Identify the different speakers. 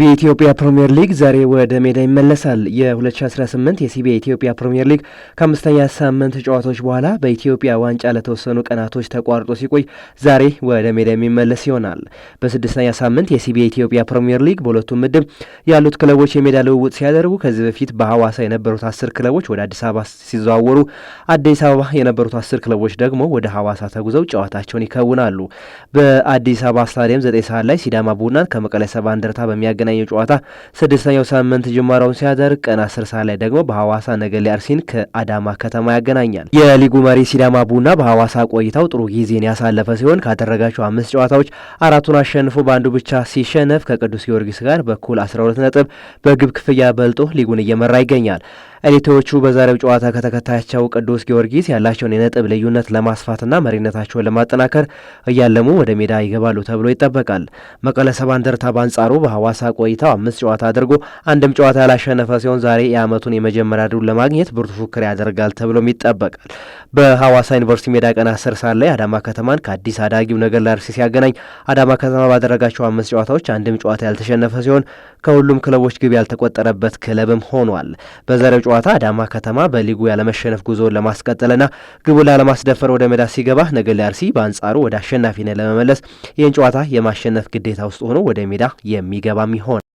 Speaker 1: የኢትዮጵያ ፕሪምየር ሊግ ዛሬ ወደ ሜዳ ይመለሳል። የ2018 የሲቢኤ ኢትዮጵያ ፕሪምየር ሊግ ከአምስተኛ ሳምንት ጨዋታዎች በኋላ በኢትዮጵያ ዋንጫ ለተወሰኑ ቀናቶች ተቋርጦ ሲቆይ ዛሬ ወደ ሜዳ የሚመለስ ይሆናል። በስድስተኛ ሳምንት የሲቢኤ ኢትዮጵያ ፕሪምየር ሊግ በሁለቱም ምድብ ያሉት ክለቦች የሜዳ ልውውጥ ሲያደርጉ ከዚህ በፊት በሐዋሳ የነበሩት አስር ክለቦች ወደ አዲስ አበባ ሲዘዋወሩ፣ አዲስ አበባ የነበሩት አስር ክለቦች ደግሞ ወደ ሐዋሳ ተጉዘው ጨዋታቸውን ይከውናሉ። በአዲስ አበባ ስታዲየም ዘጠኝ ሰዓት ላይ ሲዳማ ቡናን ከመቀለ ሰባ እንደርታ በሚያ የሚያገናኘው ጨዋታ ስድስተኛው ሳምንት ጅማራውን ሲያደርግ ቀን አስር ሰዓት ላይ ደግሞ በሐዋሳ ነገሌ አርሲን ከአዳማ ከተማ ያገናኛል። የሊጉ መሪ ሲዳማ ቡና በሐዋሳ ቆይታው ጥሩ ጊዜን ያሳለፈ ሲሆን ካደረጋቸው አምስት ጨዋታዎች አራቱን አሸንፎ በአንዱ ብቻ ሲሸነፍ ከቅዱስ ጊዮርጊስ ጋር በኩል 12 ነጥብ በግብ ክፍያ በልጦ ሊጉን እየመራ ይገኛል። ኤሊቶቹ በዛሬው ጨዋታ ከተከታያቸው ቅዱስ ጊዮርጊስ ያላቸውን የነጥብ ልዩነት ለማስፋትና መሪነታቸውን ለማጠናከር እያለሙ ወደ ሜዳ ይገባሉ ተብሎ ይጠበቃል። መቀለ ሰባ እንደርታ በአንጻሩ በሐዋሳ ቆይታው አምስት ጨዋታ አድርጎ አንድም ጨዋታ ያላሸነፈ ሲሆን ዛሬ የዓመቱን የመጀመሪያ ድሉ ለማግኘት ብርቱ ፉክክር ያደርጋል ተብሎም ይጠበቃል። በሐዋሳ ዩኒቨርሲቲ ሜዳ ቀን አስር ሰዓት ላይ አዳማ ከተማን ከአዲስ አዳጊው ነገሌ አርሲ ሲያገናኝ አዳማ ከተማ ባደረጋቸው አምስት ጨዋታዎች አንድም ጨዋታ ያልተሸነፈ ሲሆን ከሁሉም ክለቦች ግብ ያልተቆጠረበት ክለብም ሆኗል። በዛሬው ጨዋታ አዳማ ከተማ በሊጉ ያለመሸነፍ ጉዞውን ለማስቀጠልና ግቡን ላለማስደፈር ወደ ሜዳ ሲገባ ነገሌ አርሲ በአንጻሩ ወደ አሸናፊነት ለመመለስ ይህን ጨዋታ የማሸነፍ ግዴታ ውስጥ ሆኖ ወደ ሜዳ የሚገባም ይሆን።